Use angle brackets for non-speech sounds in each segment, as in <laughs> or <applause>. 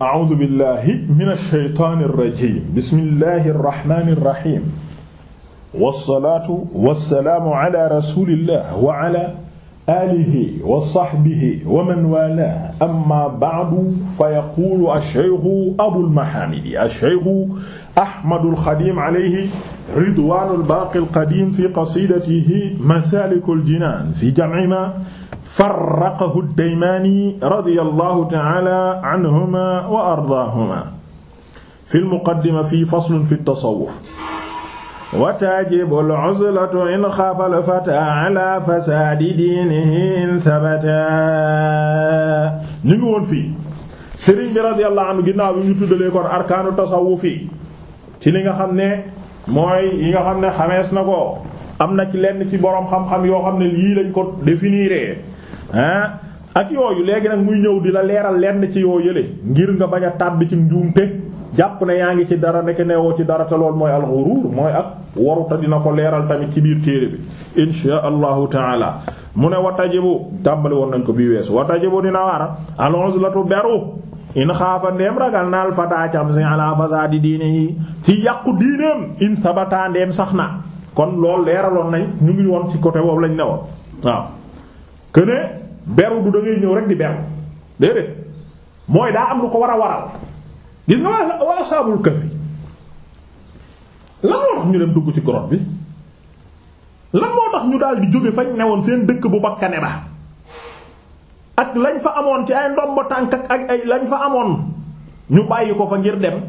a'uudu billahi mina shaytaani rajiim bismillahi rahmaani rahiim wassalaatu wassalaamu ala rasuulillah wa ala alihi wa sahbihi wa man wala amma ba'du fa yaqulu ash-shaykhu abul mahamidi ash-shaykhu ahmadul xadim alayhi ridwanul baaqil qadim fi qasidatihi masalikul jinan fi jam'i ma farraqahu ad-daymani radiyallahu ta'ala anhuma wa ardaahuma fil muqaddima fi faslun fi at-tasawwuf وتجب العزلة إن خاف الفتى على فساد دينه إن ثبتا ñu ngi woon fii sëriñ bi radiyallahu anhu ginnaaw bi ñu tuddalee kon arkaanu tasawuf fii ci li nga xam ne mooy yi nga xam ne xamees na ko am na ci lenn ci boroom xam-xam yoo xam ne lii lañ ko définiree ah ak yooyu léegi nag muy ñëw di la leeral lenn ci yoo yële ngir nga bañ a tàbbi ci njuumte jàpp na yaa ngi ci dara nekk newoo ci dara te lool mooy al-ghurur mooy ak waruta dina ko leeral tamit ci biir téere bi insha allahu taala mu ne watajibu tàmbali woon nañ ko bii weesu watajibu dina wara al-uzlatu beru in xaafa ndeem ragal naal fataa cam si ala fasaadi diine yi ci yàqu diineem in sabata ndeem sax na kon lool leeraloon nañ ñu ngi woon ci côté boobu lañ ne woon waaw këne beru du da ñëw rek di beru déedéet mooy daa am lu ko war a waral gis nga waa saabul kaf lan moo tax ñu dem dugg ci grotte bi lan moo tax ñu daal di jóge fañ woon seen dëkk bu bakkane ba ak lañ fa amoon ci ay ndomba tànk ak ay lañ fa amoon ñu bàyyi ko fa ngir dem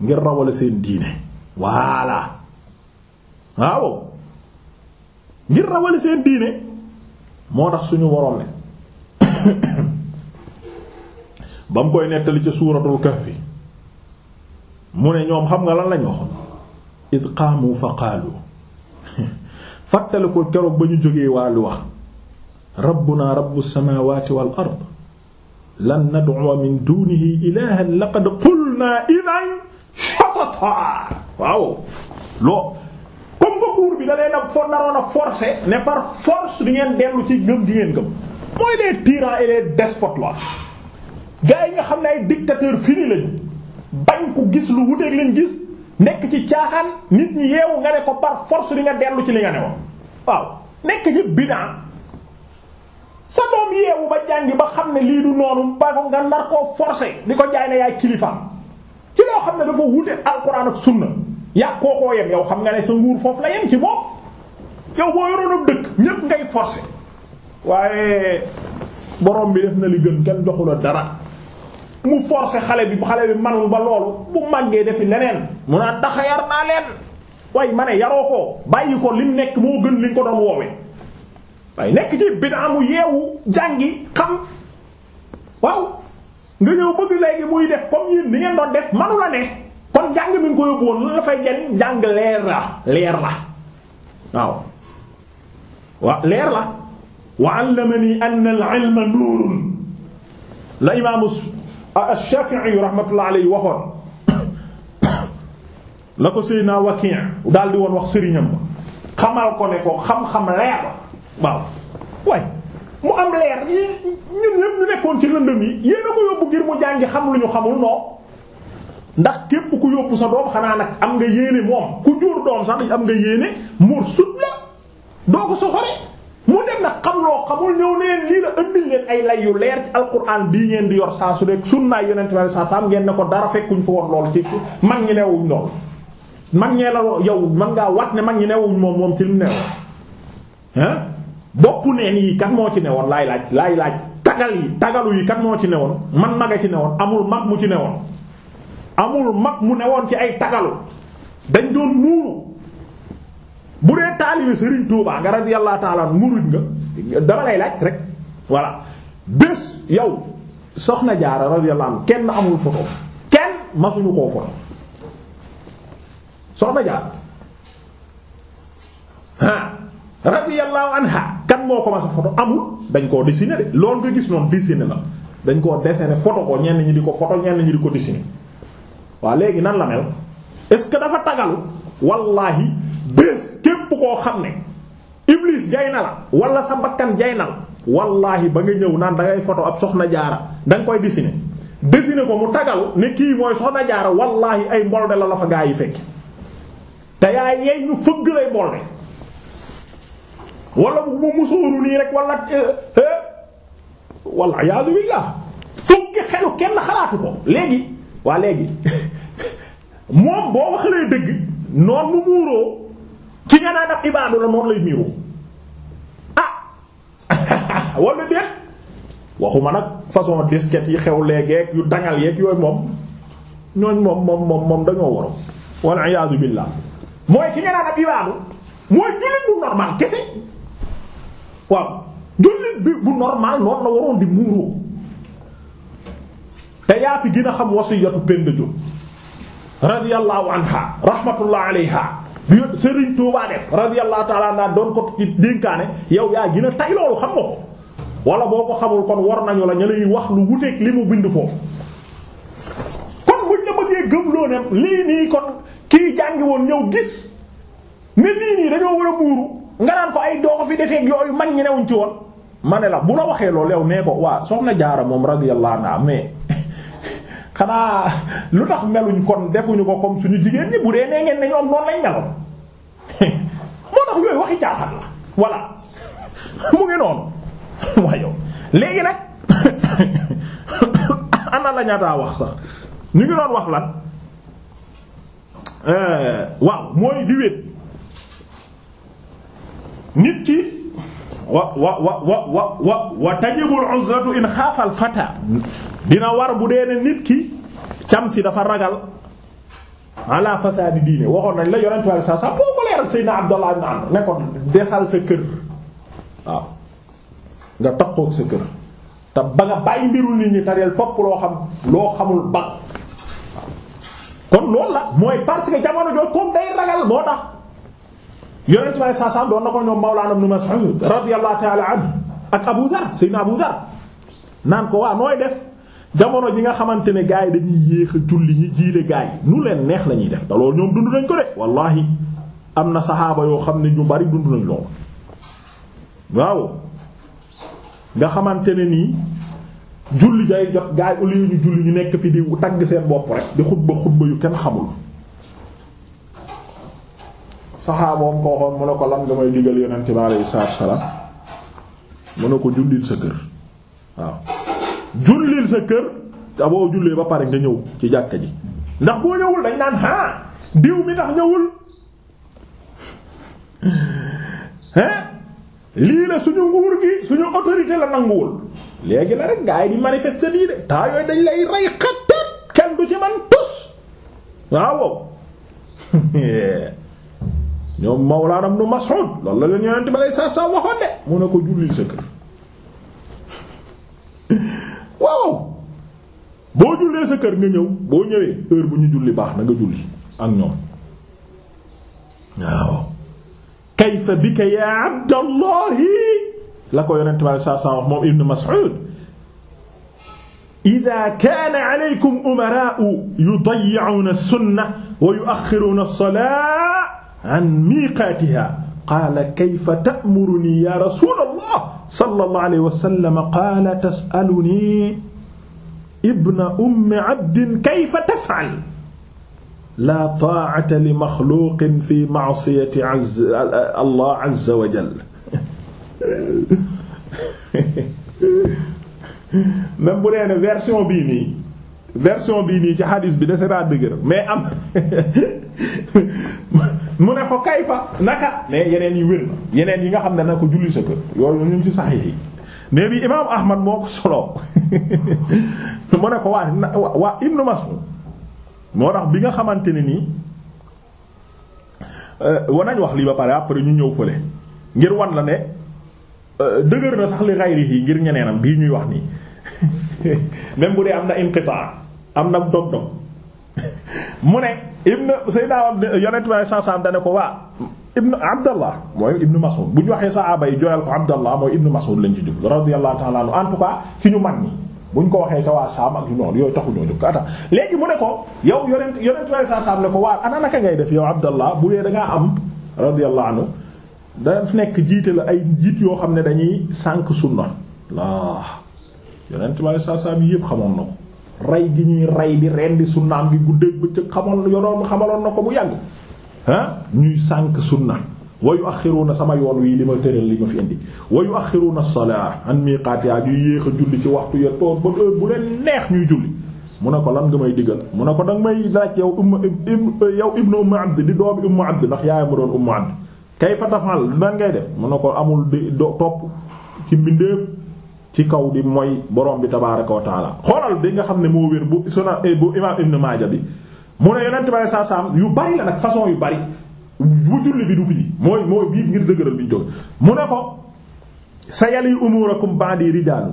ngir rawale seen diine voilà waaw ngir rawale seen diine moo tax suñu waroon ne <coughs> ba mu koy nettali ca suuratul kahfi mu ne ñoom xam nga lan lañ waxoon id qaamu fa qaalu fàttalikul keroog ba ñu jógee waa lu wax rabbuna rabbu samaawaati wal ard lan nad'uwa min dunihi ilahan laqad qulna idan shatata waaw loo comme que buur bi da leen a for naroon a forcer ne par force di ngeen dellu ci ngëm di ngeen ngëm mooy les tyrans et les despotes la gars yi nga xam ne ay dictateurs fini lañu bañ ko gis lu wuteeg lañ gis nekk ci caaxaan nit ñi yeewu nga ne ko par force di nga dellu ci li nga ne waaw nekk ci bidaa sa doom yeewu ba jàngi ba xam ne lii du noonu ba ko nga nar koo forcer di ko jaay ne yaay kilifaam ci loo xam ne dafa wute alxuraan ak sunna yaa koo koo yem yow xam nga ne sa nguur foofu la yem ci moom yow boo yoroon dëkk ñépp ngay forcer waaye borom bi def na li gën kenn joxu la dara. mu forcer xale bi xale bi manul ba loolu bu màggee defi leneen mu naan taxayar naa leen waaye ma ne yaroo ko bàyyi ko lim nekk moo gën liñ ko doon woowe waaye nekk ci bida mu yeewu jàngi xam waaw nga ñëw bëgg léegi muy def comme yéen ni ngeen doon def manu la ne kon jàng mi nga ko yóbbu woon la fay jariñ jàng leer la leer la waaw wa leer la wa allamani anna al ilma nuurun la imaamu ash-Shafi'i rahmatullahi alayhi waxoon la ko Seydina Waki' daal di woon wax sëriñam ba xamal ko ne ko xam-xam leer waaw waay mu am leer yi ñu nekkoon ci lëndëm yi yéen a ko yóbbu ngir mu jàngi xam lu ñu xamul non ndax képp ku yóbbu sa doom xanaa nag am nga yéene moom ku jur doom sax am nga yéene mursud la doo ko soxore mu dem nag xam loo xamul ñëw neen lii la ëndil leen ay lay yu leer ci alquran bii ngeen di yor saa su nekk sunnaay yonent bi saa saam ngeen ne ko dara fekkuñ fa woon lool ci mag ñi newuñ lool mag ñee la yow man ngaa wat ne mag ñi newuñ moom moom ci lu new hein boppu neen yi kat moo laaj laay laaj tagal yi tagalu yi kat moo ci newoon man maga ci newoon amul mag mu ci newoon amul mag mu newoon ci ay tagalu dañ doon muuru bu dee taalibe Serigne Touba nga radiyallahu ta'ala murid nga dama lay laaj rek voilà bés yow soxna jaara radiyallahu anha kenn amul photo kenn masuñu koo photo soxna jaara ah radiyallahu anha kan moo ko mas a photo amul dañ koo dessiné de loolu nga gis noonu dessiné la dañ koo dessiné photo ko ñenn ñi di ko photo ñenn ñi di ko dessiné waaw léegi nan la mel est-ce que dafa tagalu wallahi bés képp koo xam ne iblis jay na la wala sa bakkan jay na la wallaahi ba nga ñëw naan da ngay photo ab soxna jaara da koy dessiné dessiné ko mu tagalu ne kii mooy soxna jaara wallaahi ay mbolde la la fa gaa yi fekk te yaa yeey ñu fëgg lay mbolde wala bu mu musóoru nii rek wala eh, eh, wala yaa billah fukki xelu kenn xalaatu ko léegi waa léegi <laughs> moom boo waxalee dëgg noonu mu muuroo ci nga naan ab ibaadu la noonu lay niiru ah <laughs> wala déet waxuma nag façon disket yi xew léegeeg yu dangal yeeg yooyu moom ñooñ moom moom moom dañoo waroon wal iyaadu billaah mooy ki nga naan ab ibaadu mooy jullit bu normal kese waaw jullit bi bu normal noonu la waroon di muuroo te yaa fi gën a xam wasiyatu Penda Diop radiyallahu anha rahmatullah alayha bi Serigne Touba def radiyallahu ta'ala anhu doon ko dénkaane yow yaa gën a tay loolu xam nga ko wala boo ko xamul kon war nañu la ñu lay wax lu wuteeg li mu bind foofu. kon buñ la bëggee gëmloo ne lii nii kon kii jàngi woon ñëw gis ne lii nii dañoo war a muuru nga naan ko ay doo ko fi defeek yooyu mag ñi newuñ ci woon ma ne la bu la waxee loolu yow nee ko waa soxna jaara moom radiyallahu anha mais. xanaa <laughs> lu tax meluñ kon defuñu ko comme suñu jigéen ñi bu dee nee ngeen ne ñoom noonu lañ meloon <laughs> moo tax yooyu waxi caaxaan la voilà <laughs> mu ngi noonu waa yow léegi nag <coughs> ana la ñaataa wax sax ñu ngi doon wax lan eh, waaw mooy di nit ki wa wa wa wa wa wa tajibul uzratu in xaafa al dina war bu dee ne nit ki cam si dafa ragal ala fasaadi diine waxoon nañ la yonent wàllu saa saa boo ko leeral Seydina Abdallah ibn Amr ne ko desal sa kër waaw nga takkoog sa kër te ba nga bàyyi mbiru nit ñi tareel topp loo xam loo xamul bag kon loolu la mooy parce que jamono jooju comme day ragal moo tax yonent saa saa doon na ko ñoom Mawlaana Ibn Mas'ud radiyallahu ta'ala anhu ak Abu Dharr Seydina Abu Dharr naan ko waa nooy def. jamono ji nga xamante ne gars yi dañuy yéex a julli ñi jiite gars yi nu leen neex la ñuy def te loolu ñoom dund nañ ko de wallahi am na saxaaba yoo xam ne ñu bari dund nañ loolu waaw nga xamante ne nii julli day jot gaay yi au lieu ñu julli ñu nekk fi di tagg seen bopp rek di xutba xutba yu kenn xamul saxaaboom koo xoon mu ne ko lan nga may digal yonente bi alayhi salaatu wa salaam mu ne ko jullil sa kër sa kër te jullee ba pare nga ñëw ci jàkka ji ndax boo ñëwul dañ naan ah diw mi tax ñëwul. lii la suñu nguur gi suñu autorité la nanguwul léegi la rek gaa yi di manifester lii de temps dañ lay rey xattat kenn du ci man tus waaw. <laughs> ñoom Mawlaana Ibnu Mas'ud loolu la leen yonent ba lay saa waxoon de mu ne ko jullil sa kër <laughs> waaw boo jullee sa kër nga ñëw boo ñëwee heure bu ñu julli baax na nga julli ak ñoom waaw kayfa bika ya abdallahi la ko yonent bi saa saa wax moom ibn Mas'ud ida kaana alaykum umaraa'u yudayyi'uuna as-sunna wa yu'axxiruuna as-salaata an miiqaatihaa qaala kayfa ta'murunii yaa rasuulallah sallallahu alayhi wa sallam qaala tas'alunii ibna ummi abdin kayfa taf'al laa taa'ata li maxluuqin fi ma'siyati Allah azza wa bu dee ne version bii nii version bii nii ci hadis bi dese naa dëgër mais am <laughs> mu ne ko kayfa naka mais yeneen yi wér yeneen yi nga xam ne na ko julli sa kër yooyu ñu ci saxiix yi mais bi imaam Ahmad moo ko solo <laughs> mu ne ko waa waa Ibnu Mas'ud moo tax bi nga xamante ne nii euh, war nañ wax lii ba pare après ñu ñëw fële ngir wan la ne euh, dëgër na sax li xayri yi ngir ñeneenam bii ñuy wax nii <laughs> même bu dee am na inqitaa am na dog-dog <laughs> mu ne Ibnu Seydina Yonent bi sallallahu alayhi wasallam dane ko waa ibnu abdallah mooy ibnu mas'ud bu ñu waxee sahaaba yi jooyal ko abdallah mooy ibnu mas'ud lañ ci jug radiyallahu ta'ala anhu en tout cas ci ñu mag ñi buñ ko waxee ca waa saam ak yu noonu yooyu taxu ñoo jóg ata léegi mu ne ko yow yonent yonent way sa saam ko waa ana naka ngay def yow abdallah bu dee da ngaa am radiyallahu anhu da fi nekk jiite la ay jiit yoo xam ne dañuy sànq sunna laa yonent way sa yëpp xamoon na ko rey gi ñuy rey di rendi sunnaam gi guddeeg bëccëg xamoon yoroon xamaloon na ko bu yàgg ah ñuy sànq sunna wa na sama yoon wi li ma tëral li ma fi indi wa yuaxiruna salaa an miqaatiha ñuy yéex a julli ci waxtu ya toog ba heure bu leen neex ñuy julli mu ne ko lan nga may diggal mu ne ko danga may laaj yow umma yow ibnu umma abd di doomi umma abd ndax yaay ma doon umma abd kayfa tafal nan ngay ko amul di topp ci mbindeef ci kaw di mooy borom bi tabaaraka wa taala xoolal bi nga xam ne moo wér bu suna eh, bu imaam ibnu maaja bi mu ne yonent bi saa saam yu bari la nag façon yu bari bu julli bi du bii mooy mooy bii ngir dëgëral bi ñu jóg mu ne ko sa yali umurakum ba'di rijaalu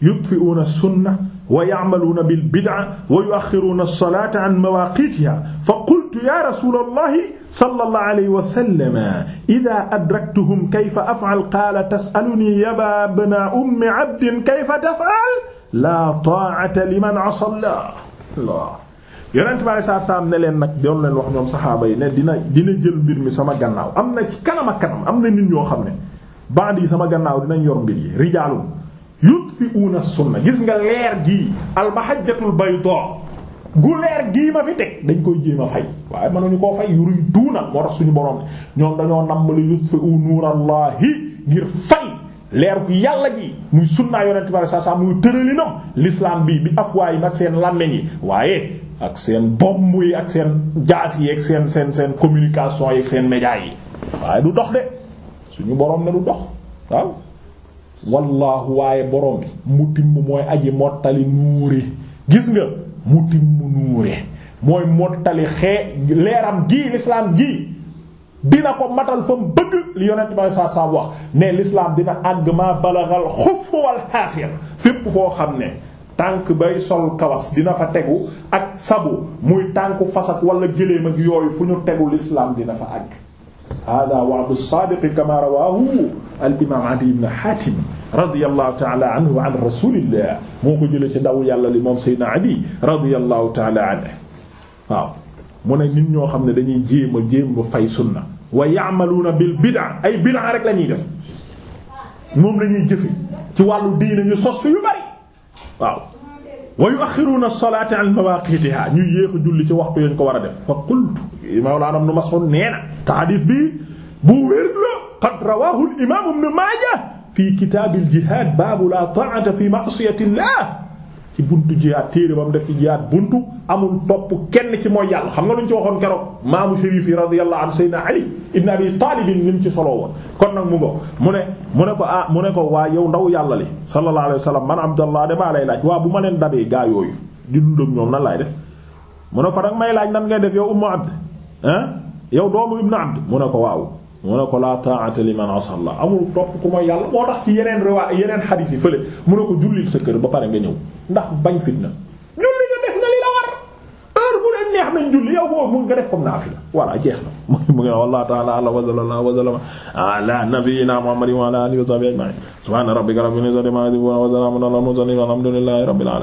yutfi'una sunna wa ya'maluna bil bid'a wa yu'akhkhiruna as-salata an mawaqitiha fa qultu ya rasulallahi sallallahu alayhi wa sallam idha adraktuhum kayfa af'al qala tas'aluni ya ibna ummi 'abdin kayfa taf'al la ta'ata liman 'asa Allah yonent bi alayhi salaatu salaam ne leen nag doon leen wax ñoom saxaaba yi ne dina dina jël mbir mi sama gannaaw am na ci kanam ak kanam am na nit ñoo xam ne band yi sama gannaaw dinañ yor mbir yi rijaalun yutfi'uuna sunna gis nga leer gii almahajjatul baydaa gu leer gii ma fi teg dañ koy jéem a fay waaye mënuñu koo fay yuri duuna moo tax suñu borom ne ñoom dañoo namm la yutfi'u nuurallaahi ngir fay leer ku yàlla ji muy sunnaa yonent bi alayhi salaatu salaam bi bi afwaay yi mag waaye ak seen bomb yi ak seen jaas yi ak seen seen seen communication yi ak seen média yi waaye du dox de suñu borom ne du dox waaw wallaahu waaye borom bi mutimmu mooy aji mottali nuuri gis nga mutimmu nuuri mooy mottali xee leeram gi l'islam gi dina ko matal fa mu bëgg li yonent ba saa saa wax ne l'islam dina àgg ma balagal xuf wal xaafir fépp foo xam ne tànk bay sol kawas dina fa tegu ak sabu muy tànk fasak wala gëléem ak yooyu fu ñu tegu lislaam dina fa àgg hada wa'du saadiqi kama rawahu al imam adi ibn hatim radiyallahu ta'ala anhu wa an jëlee ci ndaw yàlla li moom sayyidina adi radiyallahu ta'ala anhu waaw mu ne nit ñoo xam ne dañuy jéem a jéem ba fay sunna wa ya'maluna bil bid'a ay bid'a rek la def moom la jëfe ci wàllu diine ñu sos fi yu bari waaw wa yu'akhiruna as-salata 'an mawaqitiha ñuy yéex a julli ci waxtu yañ ko war a def fa qultu mawlana ibn Mas'ud nee na te hadith bi bu wér la qad rawahu al-imam ibn Majah fi kitab al-jihad babu la ta'ata fi ma'siyati Allah ci buntu jihaad téere ba mu def ci jihaad buntu amul topp kenn ci mooy yàlla xam nga lu ñu ci waxoon keroog maamu shérif yi radiyallahu anhu sayyidina ali ibn abi taalib ni mu ci solo woon kon nag mu ngo mu ne mu ne ko ah mu ne ko waa yow ndaw yàlla li sallallahu alayhi wa sallam man abdallah damaa lay laaj waa bu ma leen dabee gaa yooyu di dundam ñoom nan laay def mu ne ko danga may laaj nan ngay def yow ummu abd ah yow doomu ibnu abd mu ne ko waaw mu ko laa ta'ata liman asalla amul topp ku mooy yàlla moo tax ci yeneen riwaa yeneen xadiis yi fële mu ne ko jullil sa kër ba pare nga ñëw ndax bañ fitna julli nga def nga li la war heure bu leen neex nañ julli yow boobu mun nga def comme naafila voilà jeex na <laughs> mu ngi wallahu ta'ala ala wa sallallahu wa sallama ala nabiyyina muhammadin wa ala alihi wa sahbihi ajma'in subhana rabbika rabbil izzati amma yasifun wa salamun ala al mursalin walhamdulillahi rabbil alamin